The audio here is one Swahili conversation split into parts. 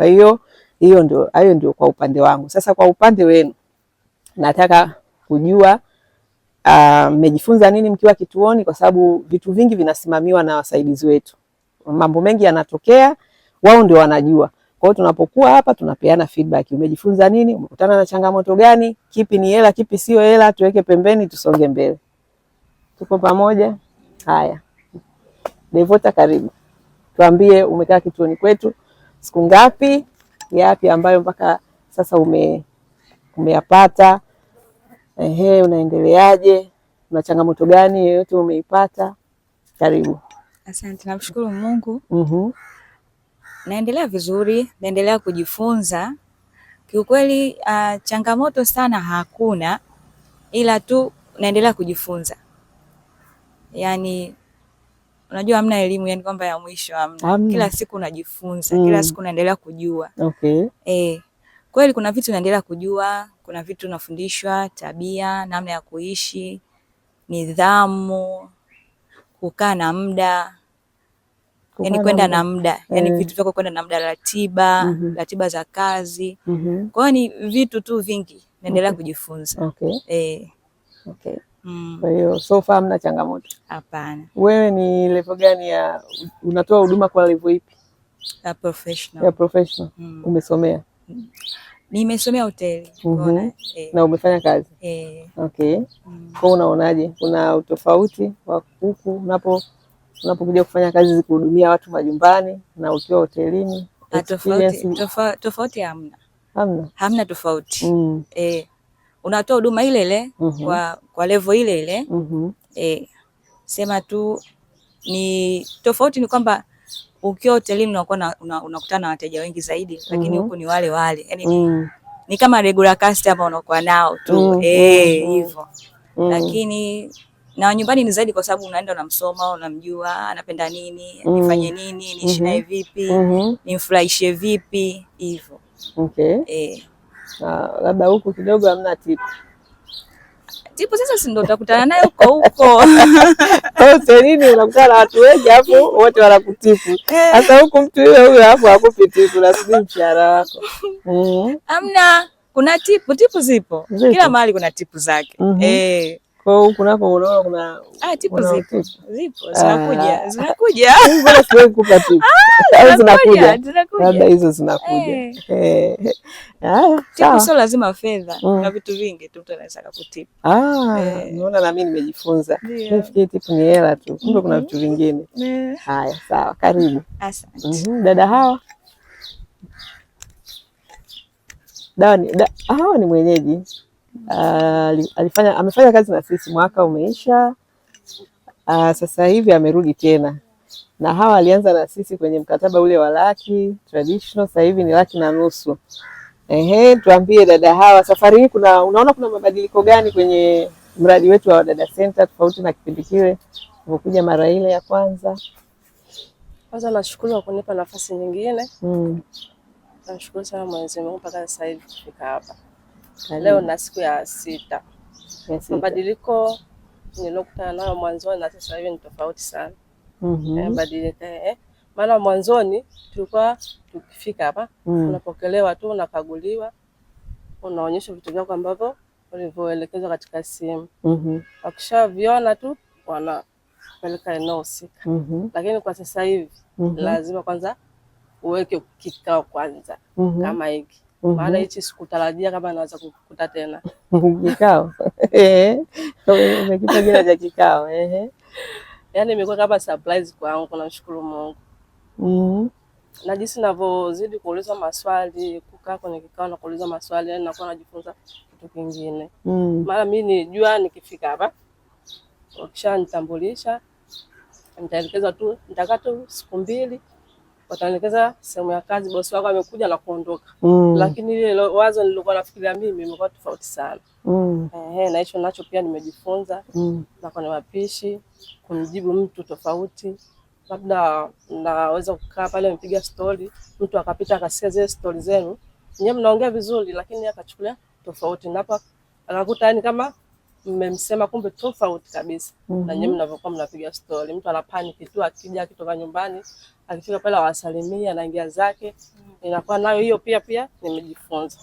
Kwa hiyo hiyo ndio, hayo ndio kwa upande wangu. Sasa kwa upande wenu nataka kujua ah, mmejifunza uh, nini mkiwa kituoni, kwa sababu vitu vingi vinasimamiwa na wasaidizi wetu. Mambo mengi yanatokea, wao ndio wanajua. Kwa hiyo tunapokuwa hapa tunapeana feedback, umejifunza nini, umekutana na changamoto gani, kipi ni hela, kipi sio hela, tuweke pembeni, tusonge mbele. Tuko pamoja. Haya, Devota, karibu tuambie, umekaa kituoni kwetu siku ngapi, yapi ambayo mpaka sasa ume umeyapata, ehe, unaendeleaje, una changamoto gani yoyote umeipata? Karibu. Asante, namshukuru Mungu. mm-hmm. Naendelea vizuri, naendelea kujifunza kiukweli. Uh, changamoto sana hakuna, ila tu naendelea kujifunza, yaani unajua hamna elimu yani kwamba ya mwisho hamna. Kila siku unajifunza mm. Kila siku unaendelea kujua okay. E, kweli kuna vitu unaendelea kujua, kuna vitu unafundishwa, tabia, namna ya kuishi, nidhamu, kukaa na muda yani kwenda na muda yani eh. Vitu vyako kwenda na muda, ratiba mm -hmm. Ratiba za kazi mm -hmm. Kwa hiyo ni vitu tu vingi naendelea okay. kujifunza okay. E. okay. Mm. Kwa hiyo so far hamna changamoto. Hapana. Wewe ni level gani ya unatoa huduma kwa level ipi? Ya professional. Ya professional. Mm. Umesomea? Mm. Nimesomea hoteli. mm -hmm. Eh. Na umefanya kazi? Eh. Okay. Mm. Kwa unaonaje, kuna utofauti wa huku unapo unapokuja kufanya kazi zikuhudumia watu majumbani na ukiwa hotelini? Ah, tofauti hamna. Hamna. Hamna tofauti. Mm. Eh unatoa huduma ile ile mm -hmm. kwa, kwa level ile ile mm -hmm. E, sema tu ni tofauti ni kwamba ukiwa hotelini unakuwa unakutana una na wateja wengi zaidi, lakini mhm. huku -hmm. ni wale wale yani mm -hmm. ni kama regular customer unakuwa nao tu mm -hmm. eh hivyo mm -hmm. lakini na nyumbani ni zaidi, kwa sababu unaenda unamsoma, unamjua anapenda nini, nifanye mm. nini, niishi naye mhm. vipi, mhm. nimfurahishe vipi, hivyo okay. eh na ah, labda huku kidogo hamna tipu tipu. Sasa si ndo utakutana naye huko huko hotelini, oh, unakuta na watu wengi, hapo, wote wanakutipu. Sasa huku mtu yule huyo hapo akupi tipu, nasubiri mshahara wako hamna. Eh. Kuna tipu, tipu zipo, zipo kila mahali, kuna tipu zake mm -hmm. eh. Kwa huku nako kuna ah, zipo. Zipo. Ah, ah, zinakuja. Zinakuja. Au zinakuja. Labda hizo zinakuja. Eh. eh. Ah, sio lazima fedha mm. na vitu vingi tu mtu anaweza kukutipu. Ah, eh. unaona na mimi nimejifunza. Nifikie tipu ni hela tu. Kumbe kuna mm-hmm. vitu vingine. Eh. Haya, sawa. Karibu. Asante. Mm-hmm, dada hawa dawa ni, da, hawa ni mwenyeji Uh, alifanya, amefanya kazi na sisi mwaka umeisha. Uh, sasa hivi amerudi tena na hawa alianza na sisi kwenye mkataba ule wa laki traditional, sasa hivi ni laki na nusu. Ehe, tuambie dada Hawa, safari hii kuna unaona kuna mabadiliko gani kwenye mradi wetu wa Wadada Center tofauti na kipindi kile ulipokuja mara ile ya kwanza? Kwanza nashukuru kwa kunipa nafasi nyingine. Mm. Nashukuru sana Mwenyezi Mungu mpaka sasa hivi kufika hapa leo na siku ya sita. Mabadiliko nilokutana nayo mwanzoni na sasa hivi ni tofauti sana. Mhm. Eh, mabadiliko eh, maana mwanzoni tulikuwa tukifika hapa mm. unapokelewa tu, unakaguliwa, unaonyesha vitu vyako ambavyo ulivyoelekezwa katika simu. Mhm. Wakishaviona tu peleka eneo husika, mhm. lakini kwa sasa hivi lazima kwanza uweke kikao kwanza kama hiki maana mhm. hichi sikutarajia kama naweza kukuta tena kikao. Umekita jina cha kikao, yani imekuwa kama surprise kwangu. Namshukuru Mungu mm -hmm. na jinsi navyozidi kuulizwa maswali, kukaa kwenye kikao na kuulizwa maswali, yaani nakuwa najifunza kitu kingine mm maana mi nijua nikifika hapa wakishanitambulisha nitaelekezwa tu, nitakaa tu siku mbili wataelekeza sehemu ya kazi, bosi wako amekuja na kuondoka mm. Lakini ile wazo nilikuwa nafikiria mimi imekuwa tofauti sana mm. Eh, na hicho nacho pia nimejifunza mm. na kwenye mapishi kumjibu mtu tofauti, labda naweza kukaa pale mpiga stori, mtu akapita akasikia zile stori zenu, nyewe mnaongea vizuri, lakini akachukulia tofauti, napo akakuta yani kama mmemsema kumbe tofauti kabisa mm -hmm. na mm-hmm. nyewe mnavyokuwa mnapiga stori, mtu ana panic tu, akija akitoka nyumbani akifika pale awasalimia na ngia zake, mm. inakuwa nayo hiyo pia pia nimejifunza.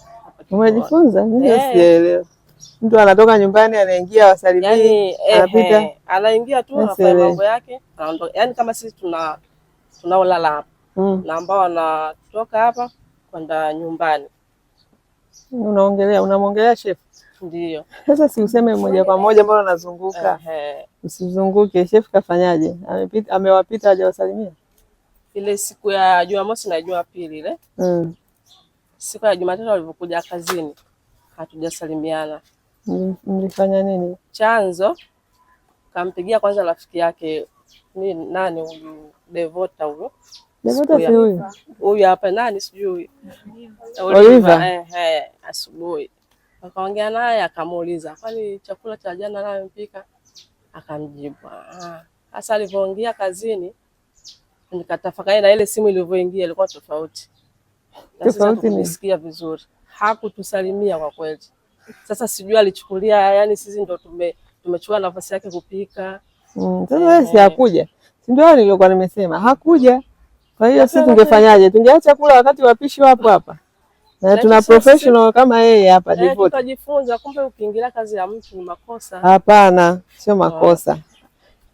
Umejifunza? Eh. Sielewi. Mtu anatoka nyumbani anaingia awasalimia, yani, eh, anapita eh, anaingia tu anafanya mambo yake anaondoka. Yani kama sisi tuna tunaolala hapa mm, na ambao wanatoka hapa kwenda nyumbani. Unaongelea unamwongelea chef? Ndio. Sasa si useme moja kwa moja, mbona unazunguka? Usizunguke. Chef kafanyaje? Amewapita aje hajawasalimia? ile siku ya Jumamosi na Jumapili ile mm. siku ya Jumatatu walivyokuja kazini hatujasalimiana. Mm, mlifanya nini? Chanzo kampigia kwanza rafiki yake ni nani huyu Devota huyo huyu hapa nani sijui Oliva eh, eh, asubuhi akaongea naye akamuuliza, kwani chakula cha jana nayo mpika? Akamjibu sasa. Ah, alivyoongea kazini nikatafakari na ile simu ilivyoingia ilikuwa tofauti. Tofauti nisikia vizuri. Hakutusalimia kwa kweli. Sasa sijui alichukulia yani sisi ndo tume tumechukua nafasi yake kupika. Mm, sasa eh, si hakuja. Si ndio nilikuwa nimesema hakuja. Kwa hiyo sisi tungefanyaje? Tungeacha kula wakati wapishi wapo hapa. Na tuna professional kama yeye hapa eh, Devota. Tutajifunza kumbe ukiingilia kazi ya mtu ni makosa. Hapana, sio oh. makosa. Oh.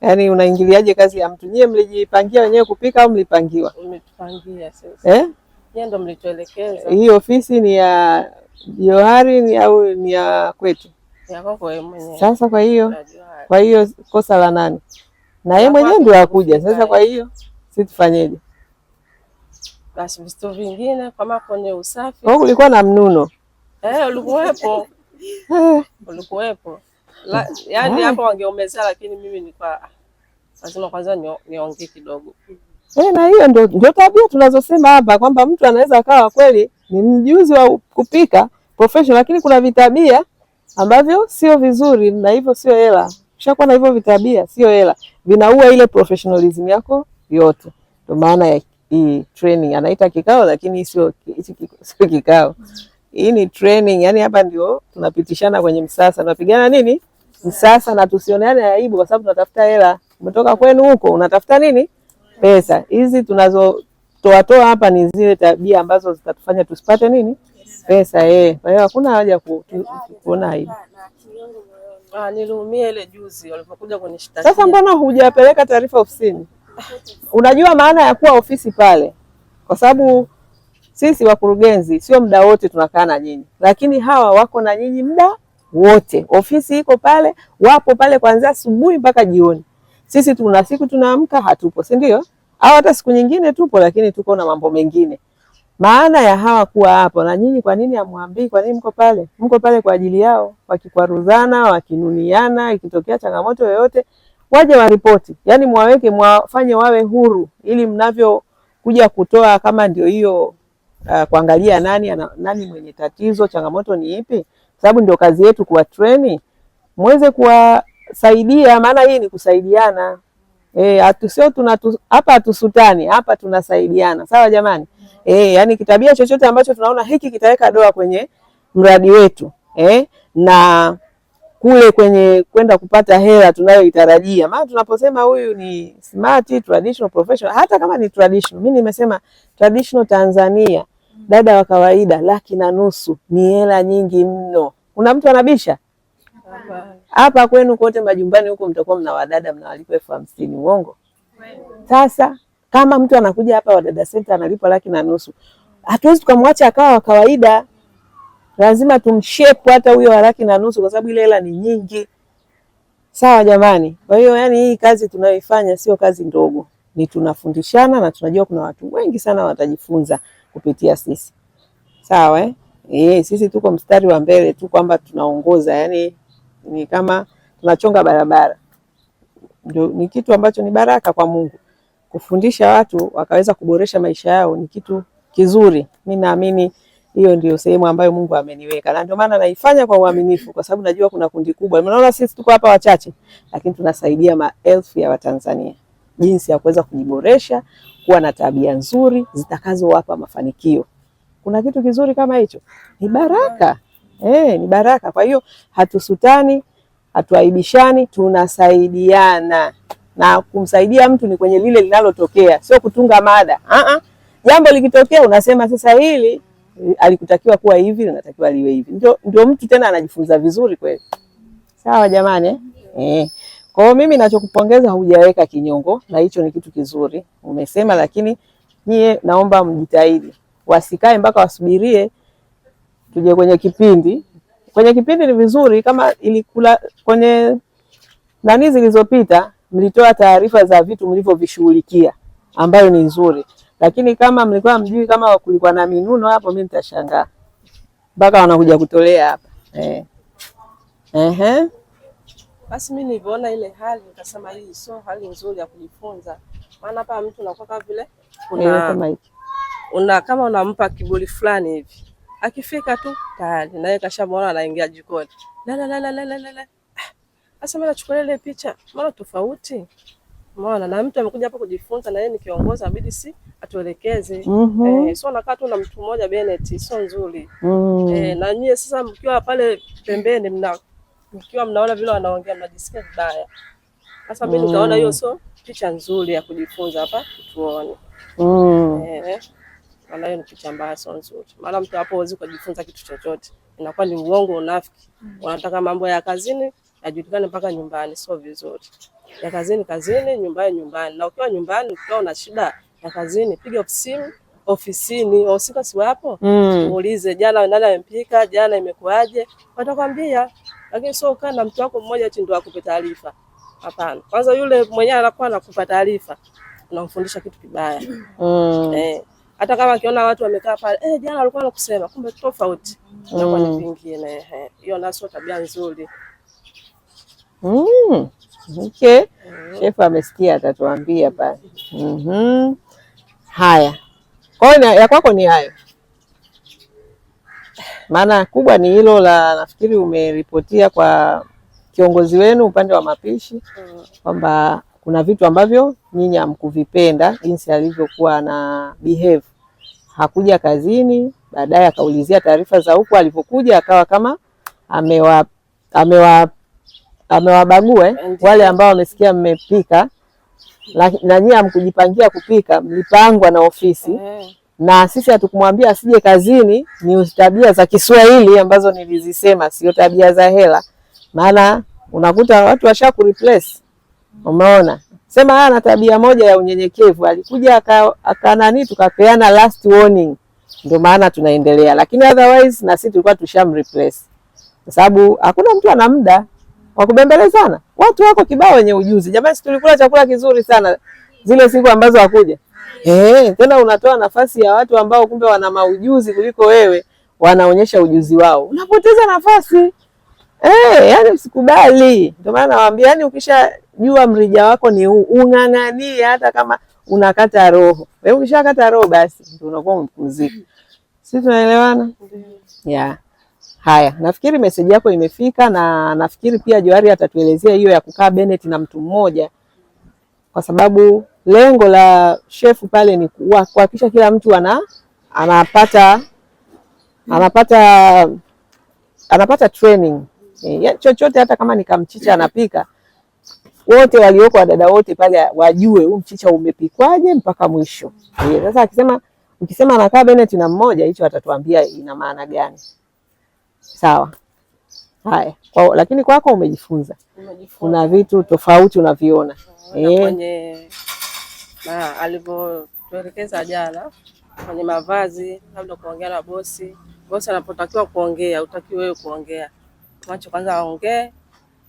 Yaani unaingiliaje kazi ya mtu? Nyie mlijipangia wenyewe kupika au mlipangiwa? Umetupangia sisi. Eh? Nyie ndo mlituelekeza. Hii ofisi ni ya Johari ni au ni ya kwetu? Ya kwako wewe mwenyewe. Sasa kwa hiyo kwa hiyo kosa la nani? Na yeye mwenyewe ndio akuja. Sasa kwa hiyo si tufanyeje? Basi vitu vingine kama kwenye usafi. Kwa kulikuwa na mnuno. Eh, ulikuwepo. Ulikuwepo. Yaani ah. hapo wangeumeza lakini mimi nilikuwa lazima kwanza niongee kidogo e, na hiyo ndio ndio tabia tunazosema hapa kwamba mtu anaweza akawa kweli ni mjuzi wa kupika professional, lakini kuna vitabia ambavyo sio vizuri, na hivyo sio hela. Ushakuwa na hivyo vitabia sio hela, vinaua ile professionalism yako yote. Ndio maana ya hii training anaita kikao, lakini sio sio kikao. Hii ni training, yani hapa ndio tunapitishana kwenye msasa, tunapigana nini msasa, na tusioneane aibu, kwa sababu tunatafuta hela umetoka kwenu huko unatafuta nini? Pesa hizi tunazotoatoa hapa ni zile tabia ambazo zitatufanya tusipate nini? Pesa eh. Kwa hiyo hakuna haja kuona aibu. Ah, niliumia ile juzi walipokuja kunishtaki. Sasa mbona hujapeleka taarifa ofisini? Unajua maana ya kuwa ofisi pale, kwa sababu sisi wakurugenzi sio muda wote tunakaa na nyinyi, lakini hawa wako na nyinyi muda wote. Ofisi iko pale, wapo pale kuanzia asubuhi mpaka jioni. Sisi tuna siku tunaamka hatupo, si ndio? Au hata siku nyingine tupo, lakini tuko na mambo mengine. Maana ya hawa kuwa hapo na nyinyi, kwa nini amwambii? Kwa nini mko pale? Mko pale kwa ajili yao, wakikwaruzana, wakinuniana, ikitokea changamoto yoyote waje waripoti, yani mwaweke, mwafanye wawe huru, ili mnavyokuja kutoa kama ndio hiyo uh, kuangalia nani ana, nani mwenye tatizo, changamoto ni ipi, sababu ndio kazi yetu kuwa treni mweze kuwa saidia, maana hii ni kusaidiana. E, sio tuna hapa hatusutani hapa, tunasaidiana sawa jamani. eh, yani kitabia chochote ambacho tunaona hiki kitaweka doa kwenye mradi wetu eh, na kule kwenye kwenda kupata hela tunayoitarajia. Maana tunaposema huyu ni smart traditional professional, hata kama ni traditional, mimi nimesema traditional Tanzania, dada wa kawaida laki na nusu ni hela nyingi mno. Kuna mtu anabisha? hapa kwenu kote majumbani huko mtakuwa mna wadada mnawalipa elfu hamsini uongo? Sasa kama mtu anakuja hapa Wadada Center analipa laki na nusu, hatuwezi tukamwacha akawa wa kawaida. Lazima tumshepu hata huyo wa laki na nusu, kwa sababu ile hela ni nyingi. Sawa jamani? Kwa hiyo yani, hii kazi tunayoifanya sio kazi ndogo, ni tunafundishana na tunajua kuna watu wengi sana watajifunza kupitia sisi. Sawa eh? E, sisi tuko mstari wa mbele tu kwamba tunaongoza yani ni kama tunachonga barabara. Ndio, ni kitu ambacho ni baraka kwa Mungu. Kufundisha watu wakaweza kuboresha maisha yao ni kitu kizuri. Mimi naamini hiyo ndio sehemu ambayo Mungu ameniweka, na ndio maana naifanya kwa uaminifu, kwa sababu najua kuna kundi kubwa. Unaona, sisi tuko hapa wachache, lakini tunasaidia maelfu ya Watanzania jinsi ya kuweza kujiboresha, kuwa na tabia nzuri zitakazowapa mafanikio. Kuna kitu kizuri kama hicho, ni baraka eh, ni baraka. Kwa hiyo hatusutani, hatuaibishani, tunasaidiana na kumsaidia mtu ni kwenye lile linalotokea, sio kutunga mada uh -uh. Jambo likitokea unasema sasa hili alikutakiwa kuwa hivi, linatakiwa liwe hivi. Ndio, ndio mtu tena anajifunza vizuri kweli. Sawa jamani eh. eh. Kwa hiyo mimi nachokupongeza, hujaweka kinyongo na hicho ni kitu kizuri umesema, lakini nyie naomba mjitahidi, wasikae mpaka wasubirie tuje kwenye kipindi. Kwenye kipindi ni vizuri kama ilikula kwenye nani zilizopita, mlitoa taarifa za vitu mlivyovishughulikia ambayo ni nzuri, lakini kama mlikuwa mjui kama kulikuwa na minuno hapo, mimi nitashangaa mpaka wanakuja kutolea hapa eh. Eh, Basi mimi niliona ile hali nikasema hii sio hali nzuri ya kujifunza. Maana hapa mtu anakuwa kama vile yaani una, una kama unampa kiburi fulani hivi Akifika tu tayari naye kashamwona anaingia jikoni, la la la la la la. Ah, sasa mimi nachukua ile picha mara tofauti, umeona, na mtu amekuja hapa kujifunza, na yeye ni kiongozi, inabidi si atuelekeze. mm -hmm. Eh, sio nakaa tu na mtu mmoja Bennett, sio nzuri. mm -hmm. Eh, na nyie sasa mkiwa pale pembeni, mna mkiwa mnaona vile wanaongea, mnajisikia vibaya. Sasa mimi mhm. nikaona hiyo sio picha nzuri ya kujifunza hapa tuone. mm -hmm. Eh, maana hiyo ni picha mbaya, sio nzuri. Maana mtu hapo huwezi kujifunza kitu chochote, inakuwa ni uongo, unafiki. Unataka mambo ya kazini yajulikane mpaka nyumbani, sio vizuri. Ya kazini kazini, nyumbani nyumbani. Na ukiwa nyumbani ukiwa una shida ya kazini, piga ofisini ofisini wahusika si wapo? Mm. Uulize jana nani amempika, jana imekuaje, watakwambia. Lakini sio ukaa na mtu wako mmoja tu ndo akupe taarifa. Hapana, kwanza yule mwenyewe anakuwa anakupa taarifa, unamfundisha kitu kibaya. Mm. Eh hata kama akiona watu wamekaa pale, eh, jana walikuwa wanakusema, kumbe tofauti inakuwa ni mm. vingine. Hiyo na sio tabia nzuri. Mm. Okay. Mm. Shefu amesikia atatuambia pale. Mhm. Mm. Haya. Kwa hiyo ya kwako ni hayo. Maana kubwa ni hilo la, nafikiri umeripotia kwa kiongozi wenu upande wa mapishi mm. kwamba mm kuna vitu ambavyo nyinyi hamkuvipenda jinsi alivyokuwa na behave. Hakuja kazini, baadaye akaulizia taarifa za huko alipokuja, akawa kama amewa amewa amewabague eh? wale ambao wamesikia mmepika na nyinyi hamkujipangia kupika, mlipangwa na ofisi eh. Na sisi hatukumwambia asije kazini. Ni tabia za Kiswahili ambazo nilizisema, sio tabia za hela, maana unakuta watu washa kureplace Umeona, sema ana tabia moja ya unyenyekevu, alikuja akanani, tukapeana last warning, ndio maana tunaendelea, lakini otherwise na sisi tulikuwa replace, kwa sababu hakuna mtu ana muda wa kubembelezana. Watu wako kibao wenye ujuzi. Jamani, tulikula chakula kizuri sana zile siku ambazo hakuja. Eh, tena unatoa nafasi ya watu ambao kumbe wana maujuzi kuliko wewe, wanaonyesha ujuzi wao, unapoteza nafasi. Eh, yani msikubali. Ndio maana nawaambia, yani ukishajua mrija wako ni huu, ung'ang'ania hata kama unakata roho. Wewe ukishakata roho basi ndio unakuwa mpumziko. Sisi tunaelewana? Yeah. Haya, nafikiri message yako imefika na nafikiri pia Johari atatuelezea hiyo ya kukaa Bennett na mtu mmoja, kwa sababu lengo la shefu pale ni kuhakikisha kila mtu ana anapata anapata anapata training eh, chochote hata kama nikamchicha anapika wote walioko wadada wote pale wajue huu mchicha umepikwaje mpaka mwisho. Sasa akisema ukisema anakaa Bennett na mmoja, hicho atatuambia ina maana gani? Sawa, haya kwa, lakini kwako umejifunza, kuna vitu tofauti unaviona e. Kwenye alivyotuelekeza jana kwenye mavazi, labda kuongea na bosi, bosi anapotakiwa kuongea, utakiwa wewe kuongea Macho kwanza aongee,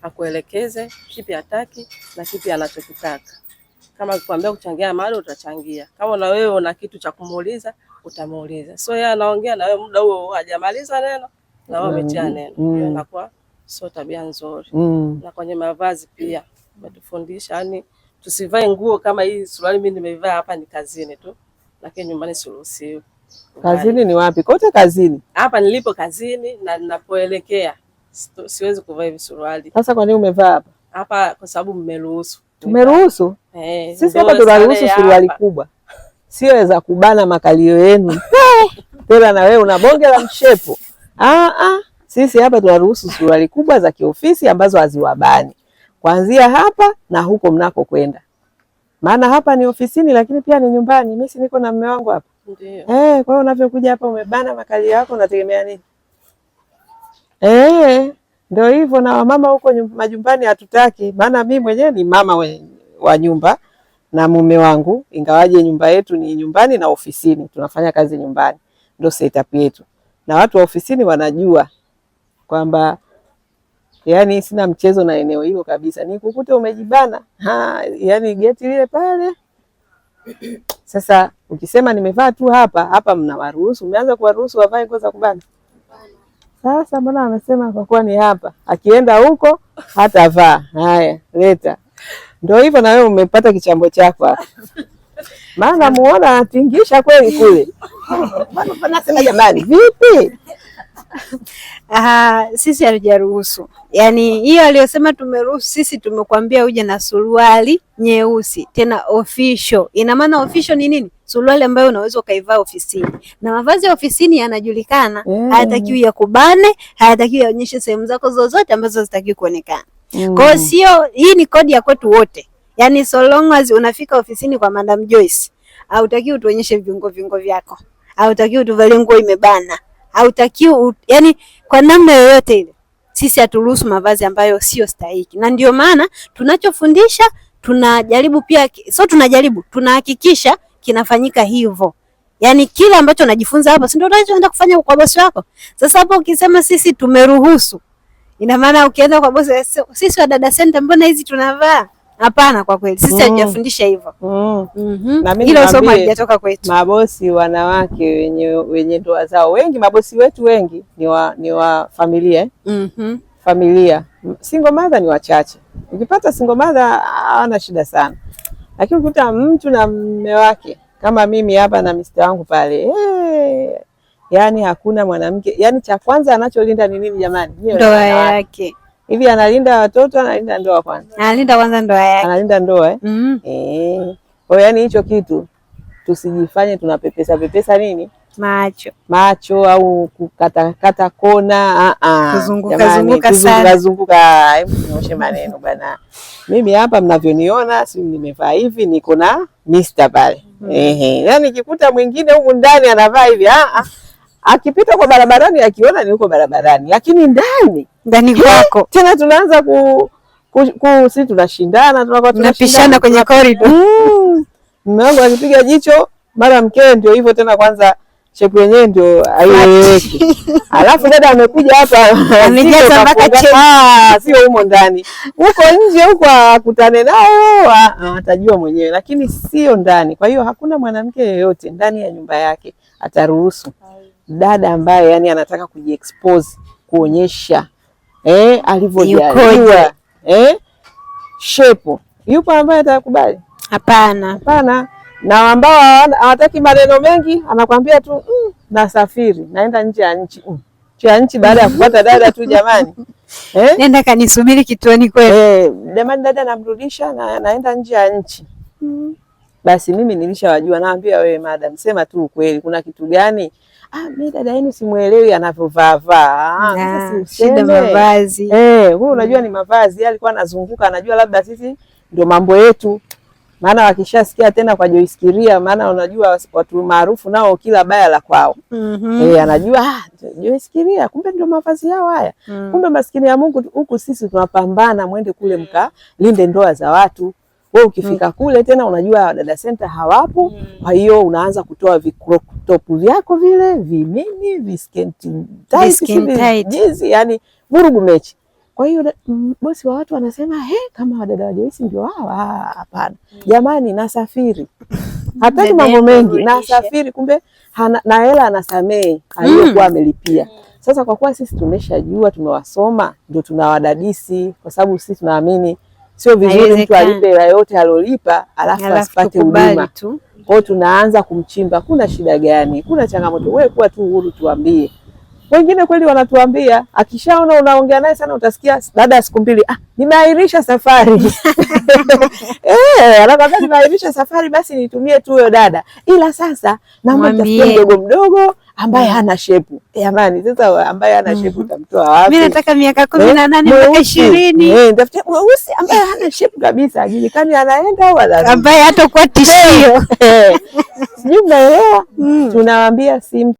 akuelekeze kipi hataki na kipi anachokitaka. Kama kuambia kuchangia mali utachangia. Kama na wewe una kitu cha kumuuliza, utamuuliza. So yeye anaongea na wewe, muda huo hajamaliza neno na wewe umetia mm, neno, hiyo mm. inakuwa sio tabia nzuri. Mm. Na kwenye mavazi pia umetufundisha, yani tusivae nguo kama hii suruali. Mimi nimeivaa hapa ni kazini tu, lakini nyumbani siruhusiwi. Kazini ni wapi? Kote kazini. Hapa nilipo kazini na ninapoelekea siwezi kuvaa hivi suruali. Sasa kwa nini umevaa hapa? Hapa kwa sababu mmeruhusu. Tumeruhusu? Eh, sisi hapa tunaruhusu suruali kubwa, sio za kubana makalio yenu tena na wewe una bonge la mshepo. Ah, ah. Sisi hapa tunaruhusu suruali kubwa za kiofisi ambazo haziwabani kuanzia hapa na huko mnako kwenda, maana hapa ni ofisini lakini pia ni nyumbani. Mimi si niko na mume wangu hapa Ndio. eh. Kwa hiyo unavyokuja hapa umebana makalio yako, unategemea nini? Eh, ndio hivyo na wamama huko majumbani hatutaki, maana mimi mwenyewe ni mama we, wa nyumba na mume wangu, ingawaje nyumba yetu ni nyumbani na ofisini, tunafanya kazi nyumbani, ndio setup yetu, na watu wa ofisini wanajua kwamba yani sina mchezo na eneo hilo kabisa. Nikukute umejibana ha, yani geti lile pale. Sasa ukisema nimevaa tu hapa hapa, mnawaruhusu, umeanza kuwaruhusu wavae nguo za kubana. Sasa mbona amesema kwa kuwa ni hapa, akienda huko hatavaa. Haya, leta. ndo hivyo, na wewe umepata kichambo chako hapa, maana muona anatingisha kweli kule. Jamani, vipi? Aha, sisi hatujaruhusu. Yaani hiyo aliyosema tumeruhusu sisi, tumekwambia uje na suruali nyeusi tena official. Ina maana official ni nini? Suruali ambayo unaweza ukaivaa ofisini, na mavazi ya ofisini yanajulikana mm. Hayatakiwi ya kubane, hayatakiwi yaonyeshe sehemu zako zozote ambazo zitakiwi kuonekana mm. Kwa hiyo sio, hii ni kodi ya kwetu wote, yaani so long as unafika ofisini kwa Madam Joyce hautakiwi utuonyeshe viungo viungo vyako, hautakiwi utuvalie nguo imebana hautakiwi yani, kwa namna yoyote ile sisi haturuhusu mavazi ambayo sio stahiki, na ndio maana tunachofundisha tunajaribu pia, so tunajaribu tunahakikisha kinafanyika hivyo. Yani kile ambacho unajifunza hapo, si ndio unachoenda kufanya kwa bosi wako? Sasa hapo ukisema sisi tumeruhusu, ina maana ukienda kwa bosi, sisi wa dada center, mbona hizi tunavaa Hapana, kwa kweli sisi mm. hatujafundisha mm. hivyo mm. mm -hmm. somo halijatoka kwetu. Mabosi wanawake wenye wenye ndoa zao wengi, mabosi wetu wengi ni wa, ni wa familia mm -hmm. familia single mother ni wachache. Ukipata single mother hawana shida sana, lakini ukikuta mtu na mume wake kama mimi hapa na mista wangu pale hey. Eh, yani hakuna mwanamke, yani cha kwanza anacholinda ni nini jamani? Ndoa yake hivi analinda watoto, analinda ndoa kwanza, analinda kwanza ndoa yake, analinda ndoa eh. mm -hmm. Eh, kwa yani hicho kitu tusijifanye tunapepesa pepesa nini macho macho au kukatakata kona, ah, ah. kuzunguka zunguka, nioshe maneno bana. Mimi hapa mnavyoniona, si nimevaa hivi, niko na mista pale. mm -hmm. Ehe, Yaani kikuta mwingine huko ndani anavaa hivi, a ah, a akipita kwa barabarani akiona ni uko barabarani, lakini ndani ndani kwako tena tunaanza ku, ku, ku si tunashindana tunakuwa tunapishana kwenye corridor mm. mume akipiga jicho mara mkewe ndio hivyo tena, kwanza shepu yenyewe ndio haieleweki. Alafu dada amekuja hapa amejaza mpaka chemba, ah, sio humo ndani, huko nje huko akutane nao ah, atajua mwenyewe, lakini sio ndani. Kwa hiyo hakuna mwanamke yeyote ndani ya nyumba yake ataruhusu dada ambaye yani anataka kujiexpose kuonyesha eh, alivyojaliwa eh, shepo. Yupo ambaye atakubali? Hapana, hapana. Na ambao hawataki maneno mengi, anakwambia tu mm, nasafiri naenda nje ya nchi mm, nje ya nchi baada ya kupata dada tu jamani eh? Nenda kanisubiri kituoni kweli eh, jamani, dada namrudisha na naenda nje ya nchi mm. Basi mimi nilishawajua, naambia wewe madam, sema tu ukweli, kuna kitu gani ah, mimi dada yenu simuelewi anavyovaa vaa, ah, shida mavazi. Eh, wewe unajua ni mavazi, yeye alikuwa anazunguka, anajua labda sisi ndio mambo yetu, maana wakishasikia tena kwa Joyce Kiria, maana unajua watu maarufu nao kila baya la kwao. mm -hmm. E, anajua ah, Joyce Kiria kumbe ndio mavazi yao haya. mm. Kumbe maskini ya Mungu, huku sisi tunapambana, mwende kule mkalinde ndoa za watu wewe mm. ukifika mm. kule tena unajua dada center hawapo mm. kwa hiyo unaanza kutoa vikro top vyako vile vimini viskenti jinsi, yani vurugu mechi. Kwa hiyo bosi wa watu wanasema he, kama wadada wajawisi ndio hawa. Ah, hapana mm. jamani, nasafiri hataki mambo mengi, nasafiri. Kumbe na hela anasamee mm. aliyokuwa amelipia. Sasa kwa kuwa sisi tumeshajua tumewasoma, ndio tunawadadisi, kwa sababu sisi tunaamini Sio vizuri mtu alipe hela yote alolipa alafu asipate huduma. Kwao tunaanza kumchimba, kuna shida gani? Kuna changamoto? Wewe kuwa tu huru, tuambie. Wengine kweli wanatuambia, akishaona unaongea naye sana, utasikia baada ya siku mbili, ah, nimeahirisha safari eh, anakwambia nimeahirisha safari, basi nitumie tu huyo dada, ila sasa naomba mdogo mdogo Ah. Eh, ambaye hana shepu jamani. Sasa ambaye hana shepu utamtoa wapi? Mimi nataka miaka eh, kumi na nane mpaka ishirini eh, mweusi ambaye hana shepu kabisa, ajulikani anaenda au anarudi, ambaye hatakuwa tishio. Sijui mnaelewa, mm. tunawaambia si